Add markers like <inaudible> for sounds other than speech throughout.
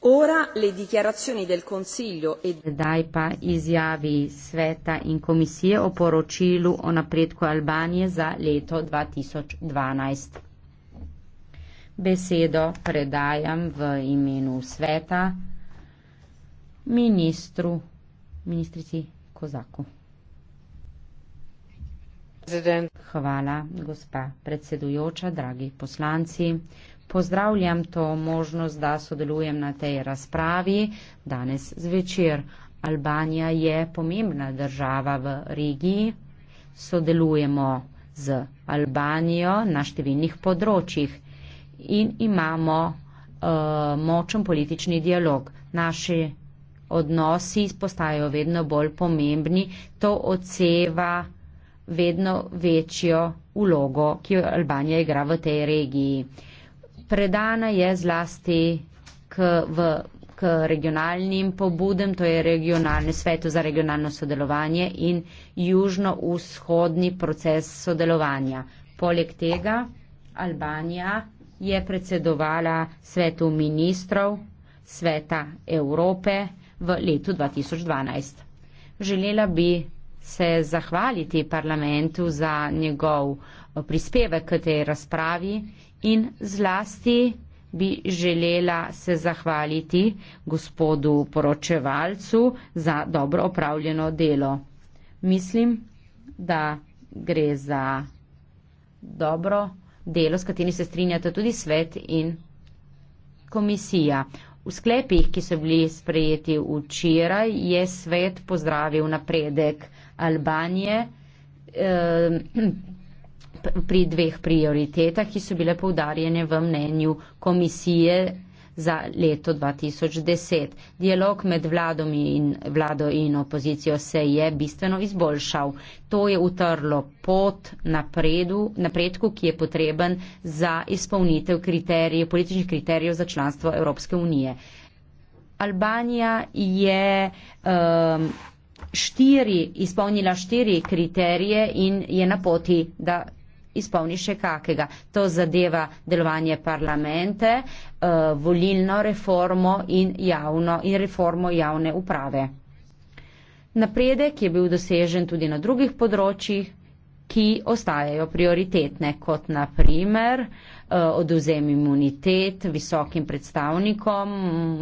Ora le dichiarazioni del Consiglio e dai pa izjavi sveta in komisije o poročilu o napredku Albanije za leto 2012. Besedo predajam v imenu sveta ministru, ministrici Kozaku. Hvala, gospa predsedujoča, dragi poslanci pozdravljam to možnost, da sodelujem na tej razpravi danes zvečer. Albanija je pomembna država v regiji, sodelujemo z Albanijo na številnih področjih in imamo uh, močen politični dialog. Naši odnosi postajajo vedno bolj pomembni, to odseva vedno večjo ulogo, ki jo Albanija igra v tej regiji. Uh, predana je zlasti k, v, k regionalnim pobudem, to je regionalne svetu za regionalno sodelovanje in južno-vzhodni proces sodelovanja. Poleg tega Albanija je predsedovala svetu ministrov sveta Evrope v letu 2012. Želela bi se zahvaliti parlamentu za njegov eh, prispevek k tej razpravi in zlasti bi želela se zahvaliti gospodu poročevalcu za dobro opravljeno delo. Mislim, da gre za dobro delo, s katerim se strinjata tudi svet in komisija. V sklepih, ki so bili sprejeti včeraj, je svet pozdravil napredek Albanije eh, pri dveh prioritetah, ki so bile poudarjene v mnenju komisije za leto 2010. Dialog med vladom in, vlado in opozicijo se je bistveno izboljšal. To je utrlo pot napredu, napredku, ki je potreben za izpolnitev kriterij, političnih kriterijev za članstvo Evropske unije. Albanija je um, štiri, izpolnila štiri kriterije in je na poti, da izpolni še kakega. To zadeva delovanje parlamente, eh, volilno reformo in, javno, in reformo javne uprave. Napredek je bil dosežen tudi na drugih področjih, ki ostajajo prioritetne, kot naprimer eh, oduzem imunitet visokim predstavnikom,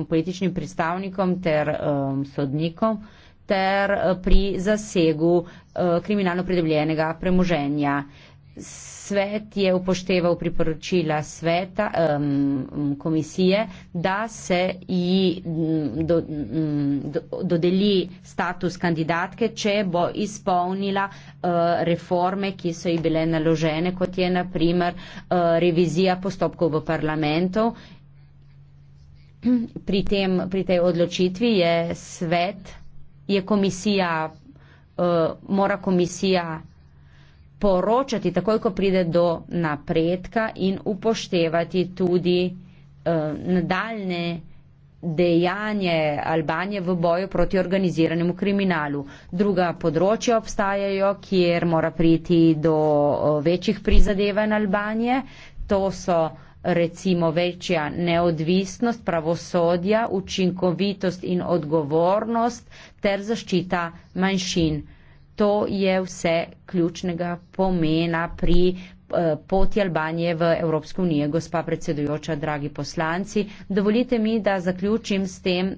političnim predstavnikom ter eh, sodnikom ter eh, pri zasegu eh, kriminalno pridobljenega premoženja. Svet je upošteval priporočila sveta, um, komisije, da se ji do, um, do, dodeli status kandidatke, če bo izpolnila uh, reforme, ki so ji bile naložene, kot je naprimer uh, revizija postopkov v parlamentu. Pri, tem, pri tej odločitvi je svet je komisija, eh, mora komisija poročati takoj, ko pride do napredka in upoštevati tudi eh, nadaljne dejanje Albanije v boju proti organiziranemu kriminalu. Druga področja obstajajo, kjer mora priti do eh, večjih prizadevanj Albanije. To so recimo večja neodvisnost pravosodja, učinkovitost in odgovornost ter zaščita manjšin. To je vse ključnega pomena pri eh, poti Albanije v Evropsko unijo. Gospa predsedujoča, dragi poslanci, dovolite mi, da zaključim s tem,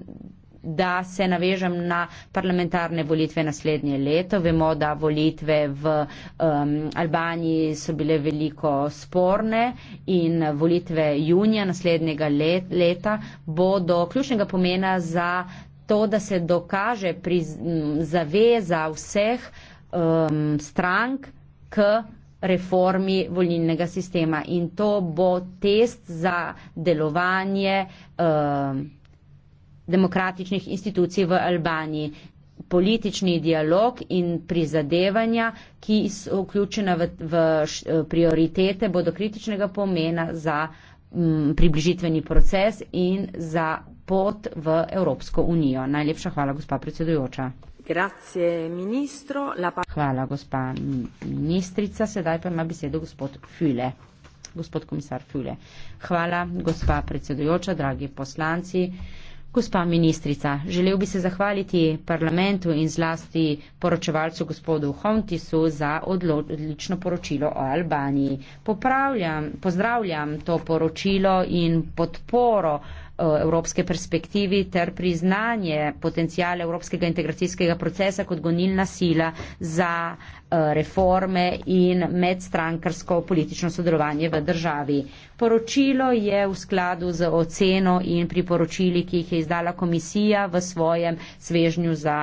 da se navežem na parlamentarne volitve naslednje leto. Vemo, da volitve v um, Albaniji so bile veliko sporne in volitve junija naslednjega let, leta bodo ključnega pomena za to, da se dokaže pri, m, zaveza vseh um, strank k reformi volilnega sistema in to bo test za delovanje um, demokratičnih institucij v Albaniji. Politični dialog in prizadevanja, ki so vključena v, v prioritete, bodo kritičnega pomena za m, mm, približitveni proces in za pot v Evropsko unijo. Najlepša hvala, gospa predsedujoča. Grazie, ministro, pa... Hvala, gospa ministrica. Sedaj pa ima besedo gospod Füle. Gospod komisar Füle. Hvala, gospa predsedujoča, dragi poslanci. Gospa ministrica, želel bi se zahvaliti parlamentu in zlasti poročevalcu gospodu Hontisu za odlično poročilo o Albaniji. Popravljam, pozdravljam to poročilo in podporo eh, evropske perspektivi ter priznanje potencijala evropskega integracijskega procesa kot gonilna sila za Eh, reforme in medstrankarsko politično sodelovanje v državi. Poročilo je v skladu z oceno in priporočili, ki jih je izdala komisija v svojem svežnju za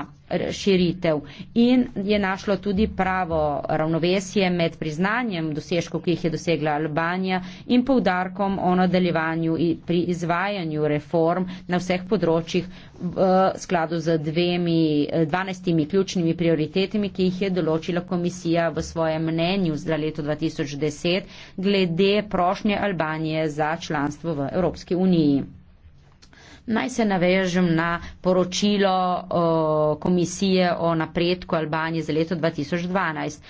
širitev in je našlo tudi pravo ravnovesje med priznanjem dosežkov, ki jih je dosegla Albanija in poudarkom o nadaljevanju pri izvajanju reform na vseh področjih, v skladu z dvemi, dvanajstimi ključnimi prioritetami, ki jih je določila komisija v svojem mnenju za leto 2010 glede prošnje Albanije za članstvo v Evropski uniji. Naj se navežem na poročilo o, komisije o napredku Albanije za leto 2012.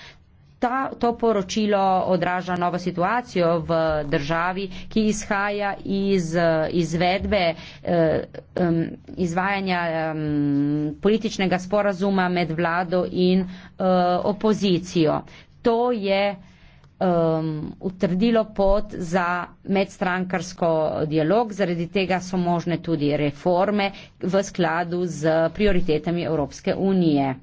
Ta, to poročilo odraža novo situacijo v državi, ki izhaja iz izvedbe eh, izvajanja političnega sporazuma med vlado in eh, opozicijo. To je um, utrdilo pot za medstrankarsko dialog, zaradi tega so možne tudi reforme v skladu z prioritetami Evropske unije.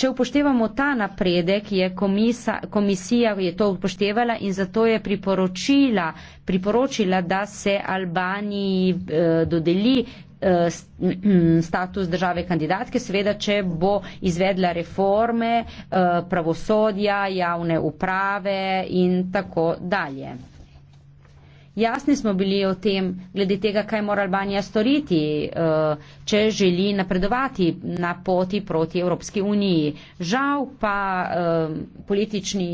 Če upoštevamo ta napredek, je komisa, komisija je to upoštevala in zato je priporočila, priporočila da se Albaniji eh, dodeli eh, <clears throat> status države kandidatke, seveda, če bo izvedla reforme eh, pravosodja, javne uprave in tako dalje. Jasni smo bili o tem, glede tega, kaj mora Albanija storiti, eh, če želi napredovati na poti proti Evropski uniji. Žal pa eh, politični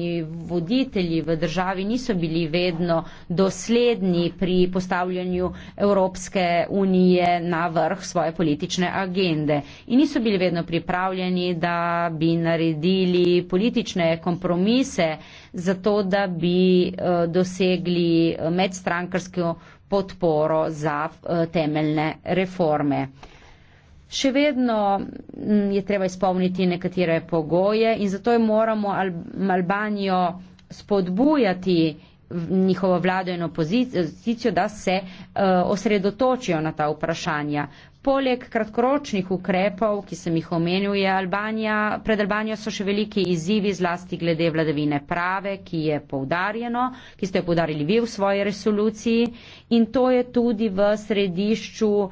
voditelji v državi niso bili vedno dosledni pri postavljanju Evropske unije na vrh svoje politične agende in niso bili vedno pripravljeni, da bi naredili politične kompromise zato da bi eh, dosegli medstrankarsko podporo za eh, temeljne reforme. Še vedno mm, je treba izpolniti nekatere pogoje in zato moramo Albanijo spodbujati njihovo vlado in opozicijo, da se eh, osredotočijo na ta vprašanja. Poleg kratkoročnih ukrepov, ki sem jih omenil, je Albanija, pred Albanijo so še veliki izzivi zlasti glede vladavine prave, ki je poudarjeno, ki ste jo poudarili vi v svoji resoluciji in to je tudi v središču um,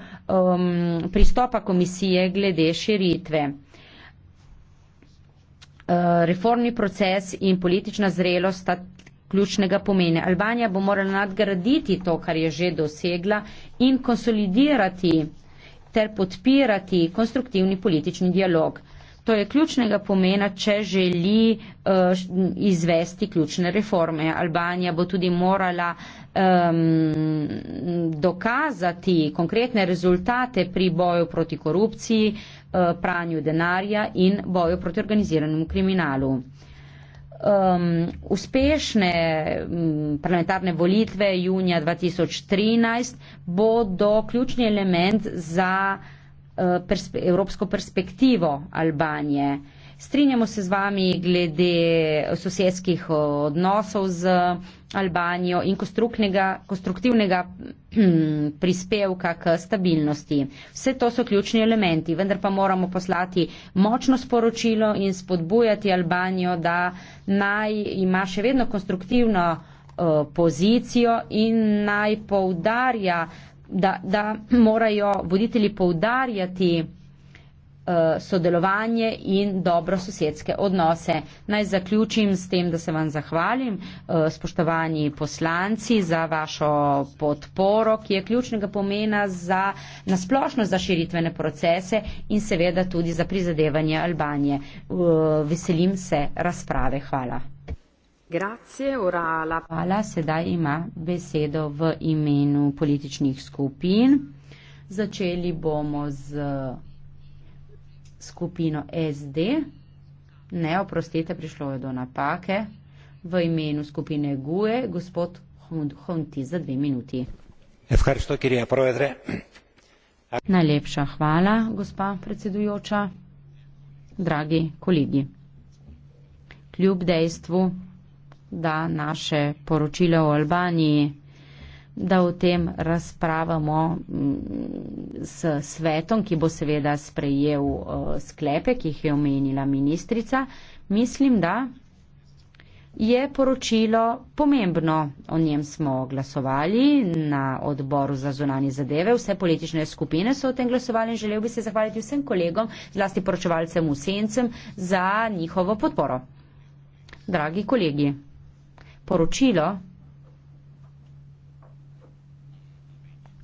pristopa komisije glede širitve. Uh, reformni proces in politična zrelost sta ključnega pomene. Albanija bo morala nadgraditi to, kar je že dosegla in konsolidirati ter podpirati konstruktivni politični dialog. To je ključnega pomena, če želi uh, izvesti ključne reforme. Albanija bo tudi morala um, dokazati konkretne rezultate pri boju proti korupciji, uh, pranju denarja in boju proti organiziranemu kriminalu um, uspešne um, parlamentarne volitve junija 2013 bodo ključni element za uh, perspe evropsko perspektivo Albanije. Uh, Strinjamo se z vami glede sosedskih odnosov z Albanijo in konstruktivnega hm, prispevka k stabilnosti. Vse to so ključni elementi, vendar pa moramo poslati močno sporočilo in spodbujati Albanijo, da naj ima še vedno konstruktivno eh, pozicijo in naj poudarja, da, da morajo voditelji poudarjati Eh, sodelovanje in dobro sosedske odnose. Naj zaključim s tem, da se vam zahvalim, eh, spoštovani poslanci, za vašo podporo, ki je ključnega pomena za nasplošno za širitvene procese in seveda tudi za prizadevanje Albanije. Eh, veselim se razprave. Hvala. Grazie, Urala. Hvala, sedaj ima besedo v imenu političnih skupin. Začeli bomo z skupino SD. Ne, oprostite, prišlo je do napake. V imenu skupine GUE, gospod Honti, za dve minuti. Najlepša hvala, gospa predsedujoča, dragi kolegi. Kljub dejstvu, da naše poročilo o Albaniji da o tem razpravamo mm, s svetom, ki bo seveda sprejel eh, sklepe, ki jih je omenila ministrica. Mislim, da je poročilo pomembno. O njem smo glasovali na odboru za zunanje zadeve. Vse politične skupine so o tem glasovali in želel bi se zahvaliti vsem kolegom, zlasti poročevalcem v sencem, za njihovo podporo. Dragi kolegi, poročilo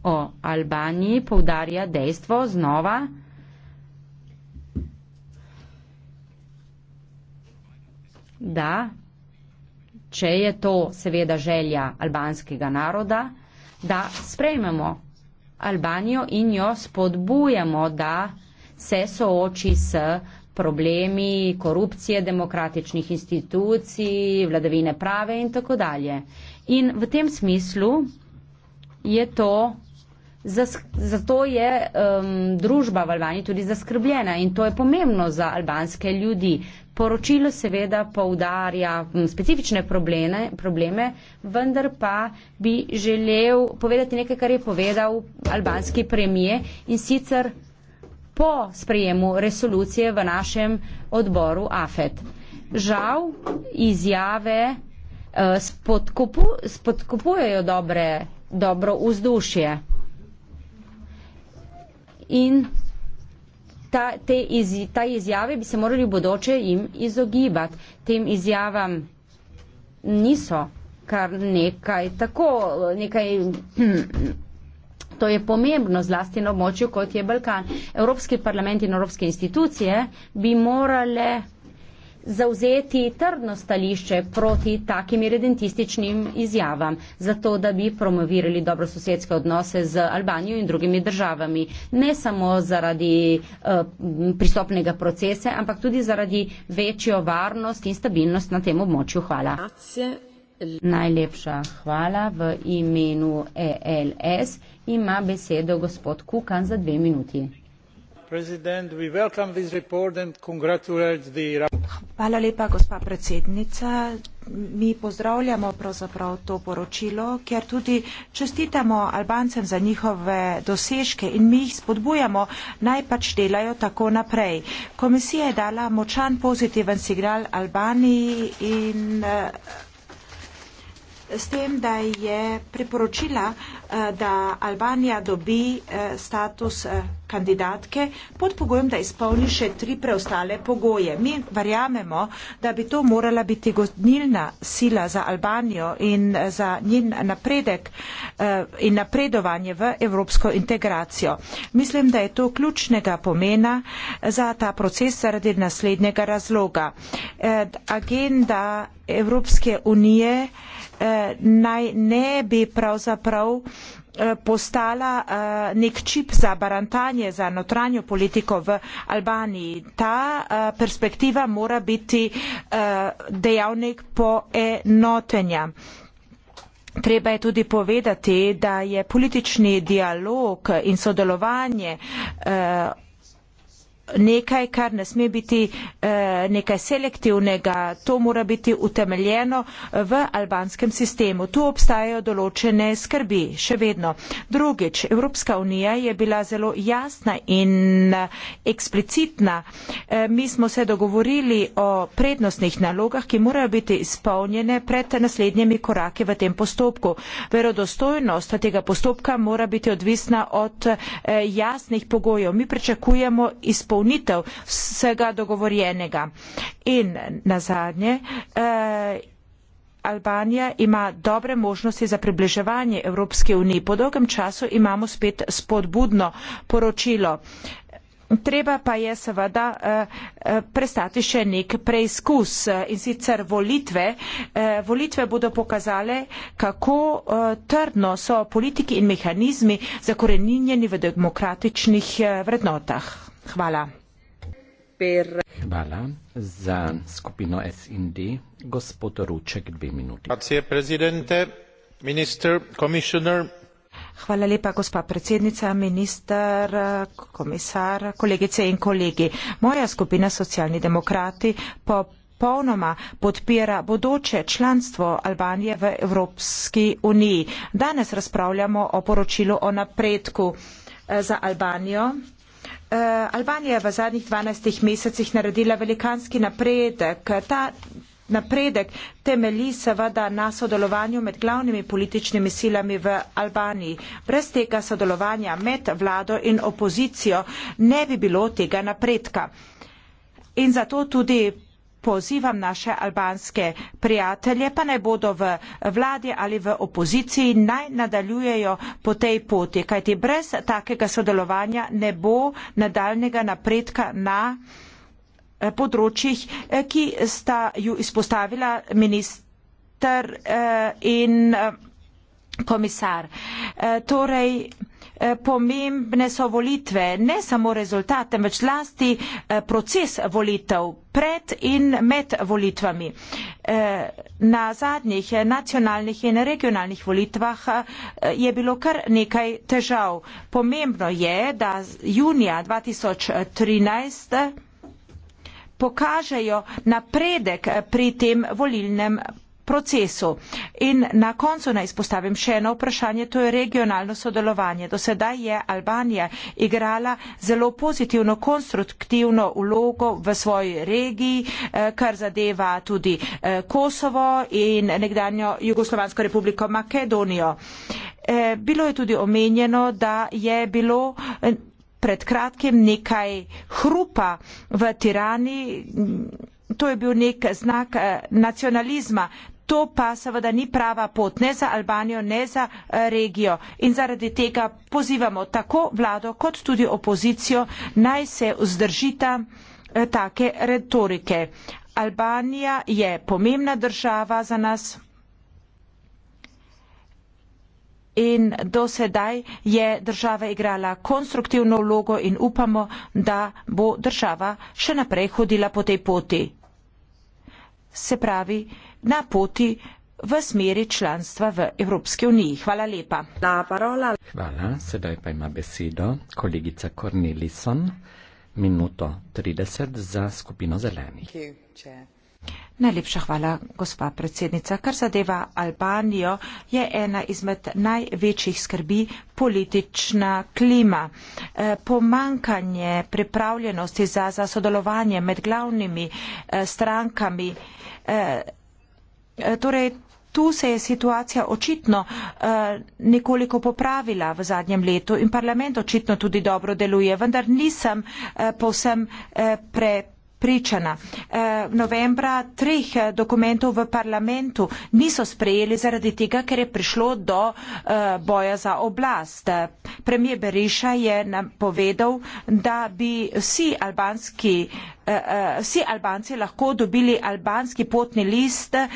o Albaniji poudarja dejstvo znova, da če je to seveda želja albanskega naroda, da sprejmemo Albanijo in jo spodbujemo, da se sooči s problemi korupcije demokratičnih institucij, vladavine prave in tako dalje. In v tem smislu je to Zato je um, družba v Albaniji tudi zaskrbljena in to je pomembno za albanske ljudi. Poročilo seveda poudarja um, specifične probleme, probleme, vendar pa bi želel povedati nekaj, kar je povedal albanski premije in sicer po sprejemu resolucije v našem odboru AFET. Žal izjave uh, spodkupujejo dobre, dobro vzdušje in ta, te iz, ta izjave bi se morali v bodoče jim izogibati. Tem izjavam niso kar nekaj tako, nekaj. <clears throat> To je pomembno zlasti na območju, kot je Balkan. Evropski parlament in evropske institucije bi morale zauzeti trdno stališče proti takim redentističnim izjavam, zato da bi promovirali dobrososedske odnose z Albanijo in drugimi državami, ne samo zaradi uh, pristopnega procesa, ampak tudi zaradi večjo varnost in stabilnost na tem območju. Hvala. Najlepša hvala v imenu ELS ima besedo gospod Kukan za dve minuti we welcome this report and congratulate the Hvala lepa, gospa predsednica. Mi pozdravljamo pravzaprav to poročilo, ker tudi čestitamo Albancem za njihove dosežke in mi jih spodbujamo, naj pač delajo tako naprej. Komisija je dala močan pozitiven signal Albaniji in uh, s tem, da je priporočila, eh, da Albanija dobi eh, status eh, kandidatke pod pogojem, da izpolni še tri preostale pogoje. Mi verjamemo, da bi to morala biti gonilna sila za Albanijo in za njen napredek in napredovanje v evropsko integracijo. Mislim, da je to ključnega pomena za ta proces zaradi naslednjega razloga. Agenda Evropske unije eh, naj ne bi pravzaprav eh, postala eh, nek čip za barantanje, za notranjo politiko v Albaniji. Ta eh, perspektiva mora biti dejavnik poenotenja. Treba je tudi povedati, da je politični dialog in sodelovanje nekaj, kar ne sme biti eh, nekaj selektivnega. To mora biti utemeljeno v albanskem sistemu. Tu obstajajo določene skrbi. Še vedno. Drugič, Evropska unija je bila zelo jasna in eh, eksplicitna. Eh, mi smo se dogovorili o prednostnih nalogah, ki morajo biti izpolnjene pred naslednjimi koraki v tem postopku. Verodostojnost tega postopka mora biti odvisna od jasnih pogojev. Mi pričakujemo izpolnjenje izpolnitev vsega dogovorjenega. In na zadnje, eh, Albanija ima dobre možnosti za približevanje Evropske unije. Po dolgem času imamo spet spodbudno poročilo. Treba pa je seveda eh, eh prestati še nek preizkus eh, in sicer volitve. Eh, volitve bodo pokazale, kako eh, trdno so politiki in mehanizmi zakoreninjeni v demokratičnih eh, vrednotah. Hvala. Hvala za skupino SND. Gospod Ruček, dve minuti. Hvala lepa, gospa predsednica, minister, komisar, kolegice in kolegi. Moja skupina socialni demokrati popolnoma podpira bodoče članstvo Albanije v Evropski uniji. Danes razpravljamo o poročilu o napredku eh, za Albanijo. Eh, Albanija je v zadnjih 12 mesecih naredila velikanski napredek. Ta napredek temeli seveda na sodelovanju med glavnimi političnimi silami v Albaniji. Brez tega sodelovanja med vlado in opozicijo ne bi bilo tega napredka. In zato tudi pozivam naše albanske prijatelje, pa naj bodo v vladi ali v opoziciji, naj nadaljujejo po tej poti, kajti brez takega sodelovanja ne bo nadaljnega napredka na eh, področjih, eh, ki sta ju izpostavila minister eh, in komisar. E, torej, e, pomembne so volitve, ne samo rezultat, temveč lasti e, proces volitev pred in med volitvami. Na zadnjih nacionalnih in regionalnih volitvah je bilo kar nekaj težav. Pomembno je, da junija 2013 pokažejo napredek pri tem volilnem procesu. In na koncu naj izpostavim še eno vprašanje, to je regionalno sodelovanje. Do sedaj je Albanija igrala zelo pozitivno, konstruktivno vlogo v svoji regiji, eh, kar zadeva tudi eh, Kosovo in nekdanjo Jugoslovansko republiko Makedonijo. Eh, bilo je tudi omenjeno, da je bilo pred kratkim nekaj hrupa v Tirani. To je bil nek znak nacionalizma to pa seveda ni prava pot ne za Albanijo, ne za eh, regijo. In zaradi tega pozivamo tako vlado kot tudi opozicijo, naj se vzdržita eh, take retorike. Albanija je pomembna država za nas. In do sedaj je država igrala konstruktivno vlogo in upamo, da bo država še naprej hodila po tej poti. Se pravi, na poti v smeri članstva v Evropski uniji. Hvala lepa. Hvala, sedaj pa ima besedo kolegica Cornelison, minuto 30 za skupino zelenih. Najlepša hvala, gospa predsednica. Kar zadeva Albanijo, je ena izmed največjih skrbi politična klima. Eh, pomankanje pripravljenosti za, za sodelovanje med glavnimi eh, strankami eh, Eh, torej, tu se je situacija očitno eh, nekoliko popravila v zadnjem letu in parlament očitno tudi dobro deluje, vendar nisem eh, povsem pre. Pričana. V novembra treh dokumentov v parlamentu niso sprejeli zaradi tega, ker je prišlo do boja za oblast. Premijer Beriša je nam povedal, da bi vsi albanski Eh, eh, vsi Albanci lahko dobili albanski potni list eh,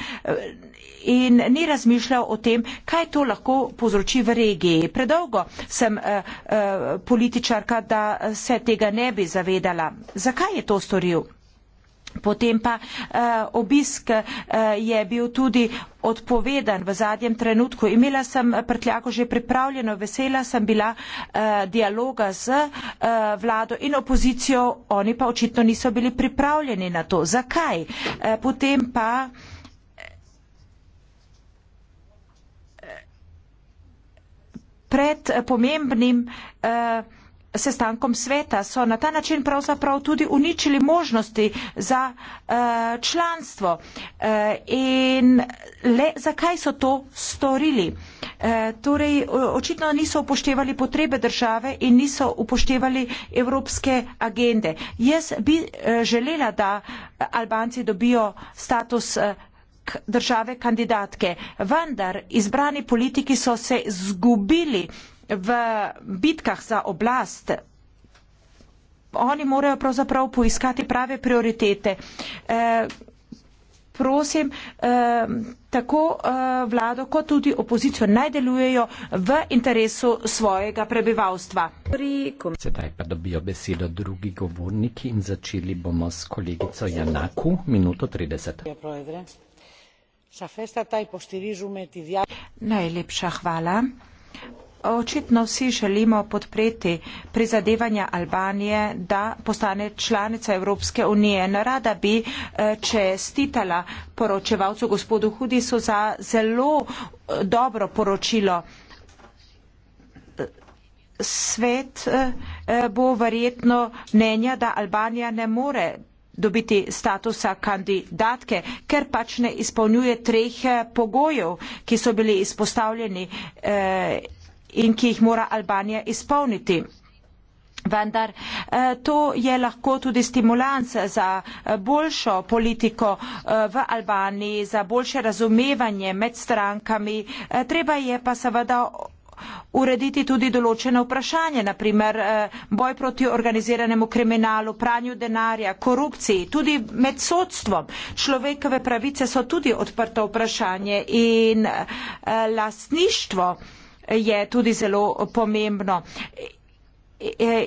in ni razmišljal o tem, kaj to lahko povzroči v regiji. Predolgo sem političarka, da se tega ne bi zavedala. Zakaj je to storil? Potem pa eh, obisk eh, je bil tudi odpovedan v zadnjem trenutku. Imela sem prtljako že pripravljeno, vesela sem bila eh, dialoga z eh, vlado in opozicijo, oni pa očitno niso bili pripravljeni na to. Zakaj? Eh, potem pa. Eh, pred pomembnim. Eh, sestankom sveta so na ta način pravzaprav tudi uničili možnosti za uh, članstvo. Uh, in le zakaj so to storili? Uh, torej, očitno niso upoštevali potrebe države in niso upoštevali evropske agende. Jaz bi uh, želela, da Albanci dobijo status. Uh, države kandidatke. Vendar izbrani politiki so se zgubili v bitkah za oblast. Oni morajo pravzaprav poiskati prave prioritete. E, prosim, e, tako e, vlado kot tudi opozicijo naj delujejo v interesu svojega prebivalstva. Sedaj pa dobijo besedo drugi govorniki in začeli bomo s kolegico Janaku, minuto 30. Ja, Najlepša hvala očitno vsi želimo podpreti prizadevanja Albanije, da postane članica Evropske unije. Narada bi eh, čestitala poročevalcu gospodu Hudisu za zelo eh, dobro poročilo. Svet eh, bo verjetno mnenja, da Albanija ne more dobiti statusa kandidatke, ker pač ne izpolnjuje treh pogojev, ki so bili izpostavljeni in ki jih mora Albanija izpolniti. Vendar eh, to je lahko tudi stimulans za eh, boljšo politiko eh, v Albaniji, za boljše razumevanje med strankami. Treba je pa seveda urediti tudi določene vprašanje, naprimer boj proti organiziranemu kriminalu, pranju denarja, korupciji, tudi med sodstvom. Človekove pravice so tudi odprto vprašanje in lastništvo je tudi zelo pomembno.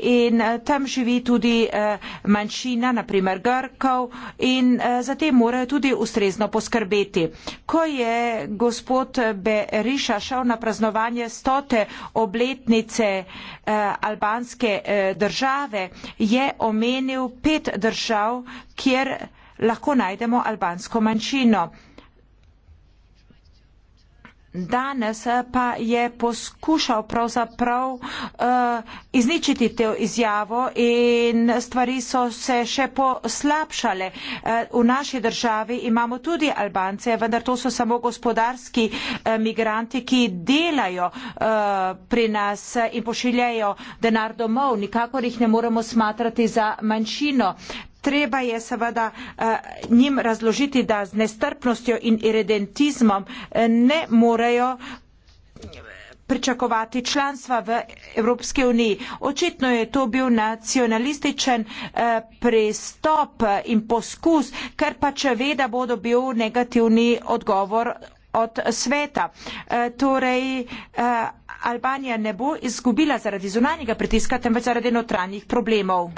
In eh, tam živi tudi eh, manjšina, naprimer Grkov, in eh, za te morajo tudi ustrezno poskrbeti. Ko je gospod Beriša šel na praznovanje stote obletnice albanske države, je omenil pet držav, kjer lahko najdemo albansko manjšino. Danes pa je poskušal pravzaprav uh, izničiti to izjavo in stvari so se še poslabšale. Uh, v naši državi imamo tudi Albance, vendar to so samo gospodarski uh, migranti, ki delajo uh, pri nas in pošiljajo denar domov. Nikakor jih ne moremo smatrati za manjšino treba je seveda uh, njim razložiti, da z nestrpnostjo in iredentizmom eh, ne morejo eh, pričakovati članstva v Evropske uniji. Očitno je to bil nacionalističen eh, pristop in poskus, ker pa če ve, da bo dobil negativni odgovor od sveta. Eh, torej, eh, Albanija ne bo izgubila zaradi zunanjega pritiska, temveč zaradi notranjih problemov.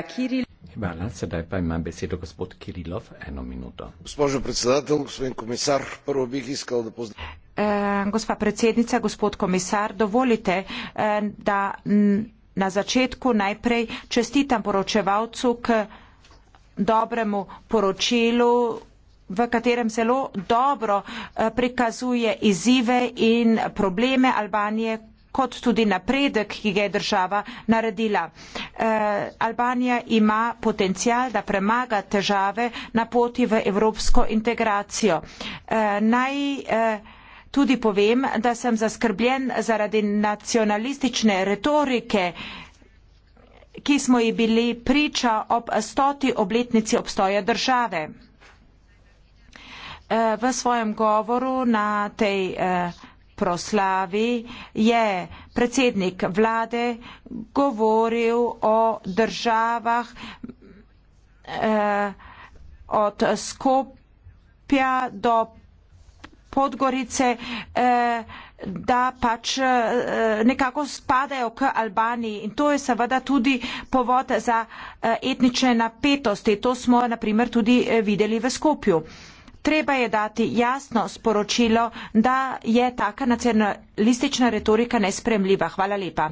Hvala, sedaj pa ima besedo gospod Kirilov, eno minuto. Gospod predsedatelj, gospod komisar, prvo bi iskal, da pozdravim. Eh, gospa predsednica, gospod komisar, dovolite, eh, da na začetku najprej čestitam poročevalcu k dobremu poročilu v katerem zelo dobro eh, prikazuje izzive in probleme Albanije, kot tudi napredek, ki ga je država naredila. E, Albanija ima potencial, da premaga težave na poti v evropsko integracijo. E, naj e, tudi povem, da sem zaskrbljen zaradi nacionalistične retorike, ki smo ji bili priča ob stoti obletnici obstoja države. V svojem govoru na tej eh, proslavi je predsednik vlade govoril o državah eh, od Skopja do Podgorice, eh, da pač eh, nekako spadajo k Albaniji in to je seveda tudi povod za eh, etnične napetosti. To smo naprimer tudi eh, videli v Skopju. Eh, treba je dati jasno sporočilo, da je taka nacionalistična retorika nespremljiva. Hvala lepa.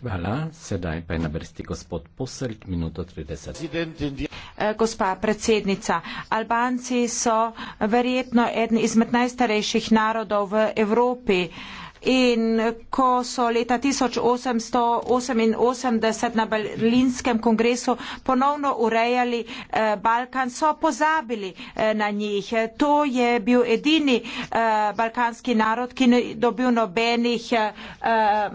Hvala, sedaj pa je na vrsti gospod Poselt, minuto 30. Eh, gospa predsednica, Albanci so verjetno eden izmed najstarejših narodov v Evropi. In ko so leta 1888 na Berlinskem kongresu ponovno urejali eh, Balkan, so pozabili eh, na njih. To je bil edini eh, balkanski narod, ki ni dobil nobenih. Eh, eh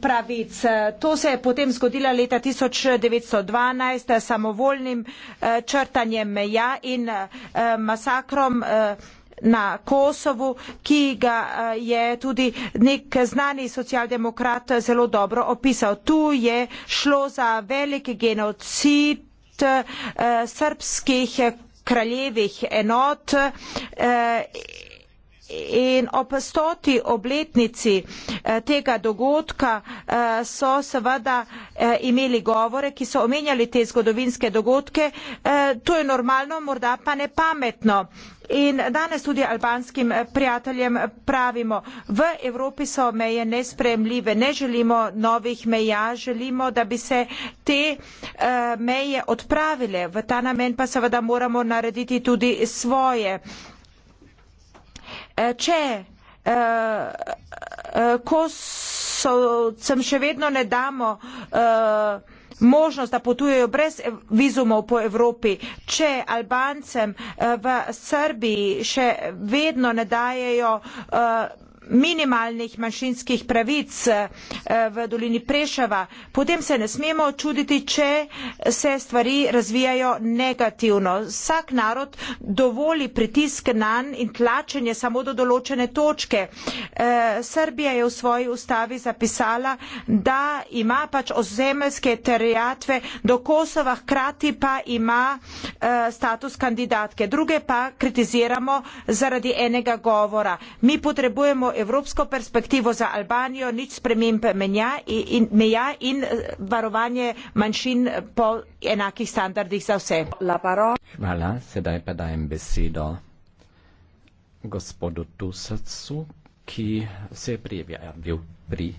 Pravic. To se je potem zgodilo leta 1912 s samovolnim eh, črtanjem meja in eh, masakrom na Kosovu, ki ga eh, je tudi nek znani socialdemokrat zelo dobro opisal. Tu je šlo za velik genocid eh, srpskih kraljevih enot. Eh, In ob stoti obletnici eh, tega dogodka eh, so seveda eh, imeli govore, ki so omenjali te zgodovinske dogodke. To je normalno, morda pa ne pametno. In danes tudi albanskim prijateljem pravimo, v Evropi so meje nespremljive, ne želimo novih meja, želimo, da bi se te meje odpravile. V ta namen pa seveda moramo narediti tudi svoje. E, če e, e, kosovcem še vedno ne damo možnost, da potujejo brez vizumov po Evropi, če Albancem v Srbiji še vedno ne dajejo minimalnih manjšinskih pravic eh, v dolini Preševa, potem se ne smemo čuditi, če se stvari razvijajo negativno. Vsak narod dovoli pritisk na nj in tlačenje samo do določene točke. Eh, Srbija je v svoji ustavi zapisala, da ima pač ozemeljske terjatve do Kosova, hkrati pa ima eh, status kandidatke. Druge pa kritiziramo zaradi enega govora. Mi potrebujemo evropsko perspektivo za Albanijo, nič sprememb menja in, in, meja in eh, varovanje manjšin po enakih standardih za vse. Hvala, sedaj pa dajem besedo gospodu Tusacu, ki se je prijavil pri.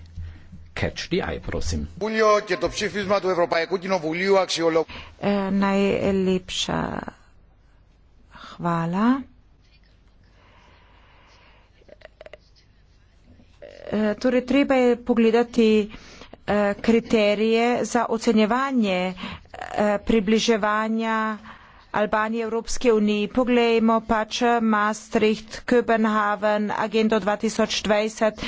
Catch the eye, prosim. Βουλίο και το ψήφισμα του Ευρωπαϊκού Κοινοβουλίου αξιολόγου. Ε, να ελείψα. Χβάλα. Eh, torej treba je pogledati eh, kriterije za ocenjevanje eh, približevanja Albanije Evropske unije. Poglejmo pač Maastricht, Kopenhagen, Agendo 2020,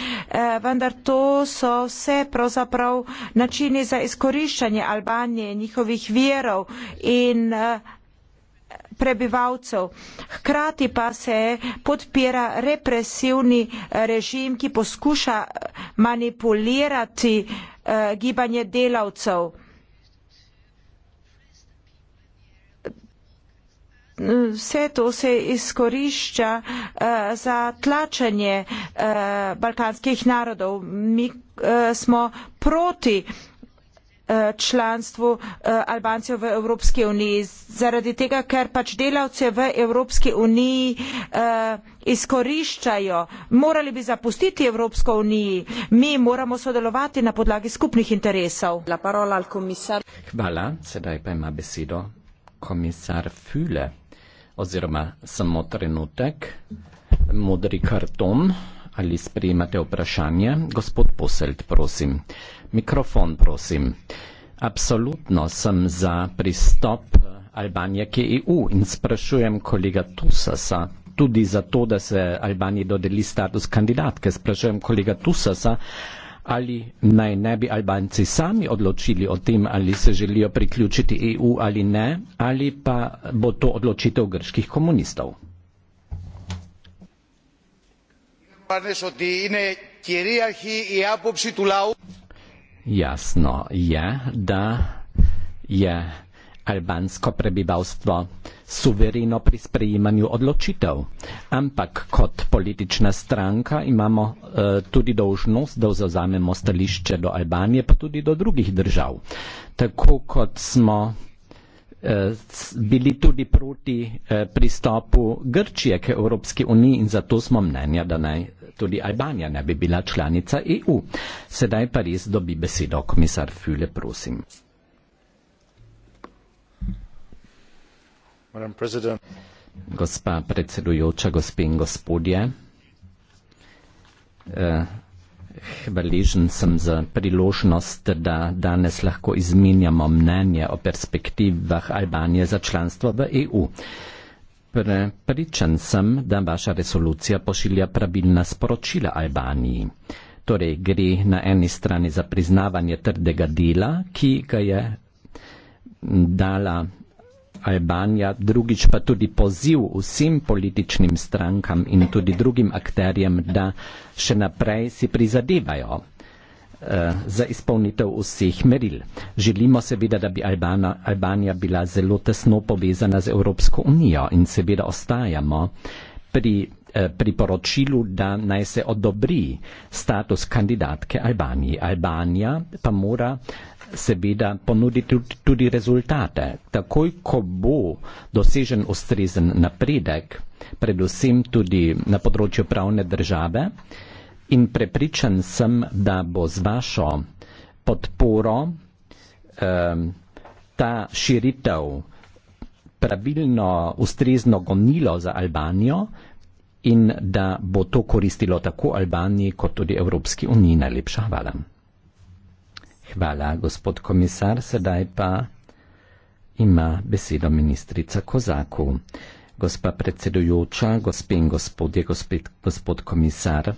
vendar to so vse pravzaprav načini za izkoriščanje Albanije, njihovih verov in prebivalcev. Hkrati pa se podpira represivni režim, ki poskuša manipulirati eh, gibanje delavcev. Vse to se izkorišča uh, za tlačenje uh, balkanskih narodov. Mi uh, smo proti uh, Eh, članstvu eh, albancev v evropski uniji zaradi tega ker pač delavce v evropski uniji eh, izkoriščajo morali bi zapustiti evropsko unijo mi moramo sodelovati na podlagi skupnih interesov hvala sedaj pa ima besedo komisar füle oziroma samo trenutek modri karton ali sprejemate vprašanje gospod poselt prosim Mikrofon, prosim. Absolutno sem za pristop eh, Albanije k EU in sprašujem kolega Tusasa tudi zato, da se Albaniji dodeli status kandidatke. Sprašujem kolega Tusasa, ali naj ne bi Albanci sami odločili o tem, ali se želijo priključiti EU ali ne, ali pa bo to odločitev grških komunistov. Panes, Jasno je, da je albansko prebivalstvo suvereno pri sprejemanju odločitev, ampak kot politična stranka imamo uh, tudi dolžnost, da zauzamemo stališče do Albanije, pa tudi do drugih držav. Tako kot smo bili tudi proti eh, pristopu Grčije k Evropski uniji in zato smo mnenja, da naj tudi Albanija ne bi bila članica EU. Sedaj pa res dobi besedo komisar Füle, prosim. Gospa predsedujoča, gospe in gospodje, eh, hvaležen sem za priložnost, da danes lahko izmenjamo mnenje o perspektivah Albanije za članstvo v EU. Prepričan sem, da vaša resolucija pošilja pravilna sporočila Albaniji. Torej gre na eni strani za priznavanje trdega dela, ki ga je dala Albanija, drugič pa tudi poziv vsem političnim strankam in tudi drugim akterjem, da še naprej si prizadevajo eh, za izpolnitev vseh meril. Želimo seveda, da bi Albana, Albanija bila zelo tesno povezana z Evropsko unijo in seveda ostajamo pri eh, priporočilu, da naj se odobri status kandidatke Albanije. Albanija pa mora seveda ponuditi tudi rezultate. Takoj, ko bo dosežen ustrezen napredek, predvsem tudi na področju pravne države, in prepričan sem, da bo z vašo podporo eh, ta širitev pravilno, ustrezno gonilo za Albanijo in da bo to koristilo tako Albaniji kot tudi Evropski uniji. Najlepša hvala. Hvala, gospod komisar, sedaj pa ima besedo ministrica Kozaku. Gospa predsedujoča, gospe in gospodje, gospod, gospod komisar,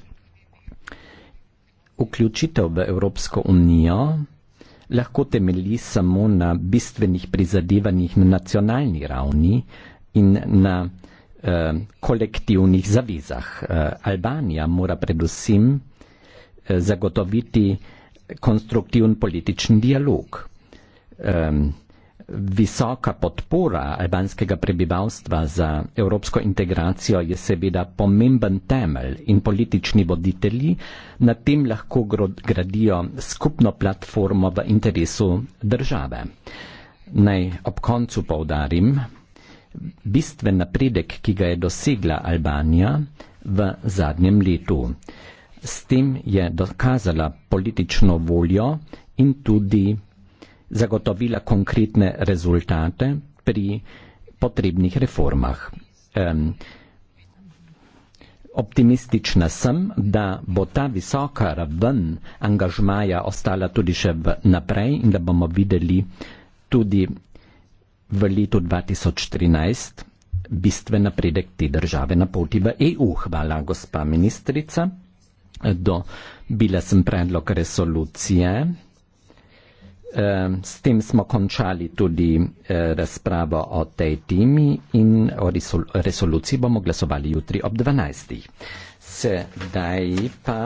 vključitev v Evropsko unijo lahko temelji samo na bistvenih prizadevanjih na nacionalni ravni in na eh, kolektivnih zavezah. Eh, Albanija mora predvsem eh, zagotoviti konstruktiven politični dialog. Um, visoka podpora albanskega prebivalstva za evropsko integracijo je seveda pomemben temelj in politični voditelji na tem lahko gradijo skupno platformo v interesu države. Naj ob koncu povdarim, bistven napredek, ki ga je dosegla Albanija v zadnjem letu s tem je dokazala politično voljo in tudi zagotovila konkretne rezultate pri potrebnih reformah. Um, optimistična sem, da bo ta visoka raven angažmaja ostala tudi še naprej in da bomo videli tudi v letu 2013 bistven napredek te države na poti v EU. Hvala, gospa ministrica dobile sem predlog resolucije. S tem smo končali tudi eh, razpravo o tej temi in o resoluciji bomo glasovali jutri ob 12. Sedaj pa.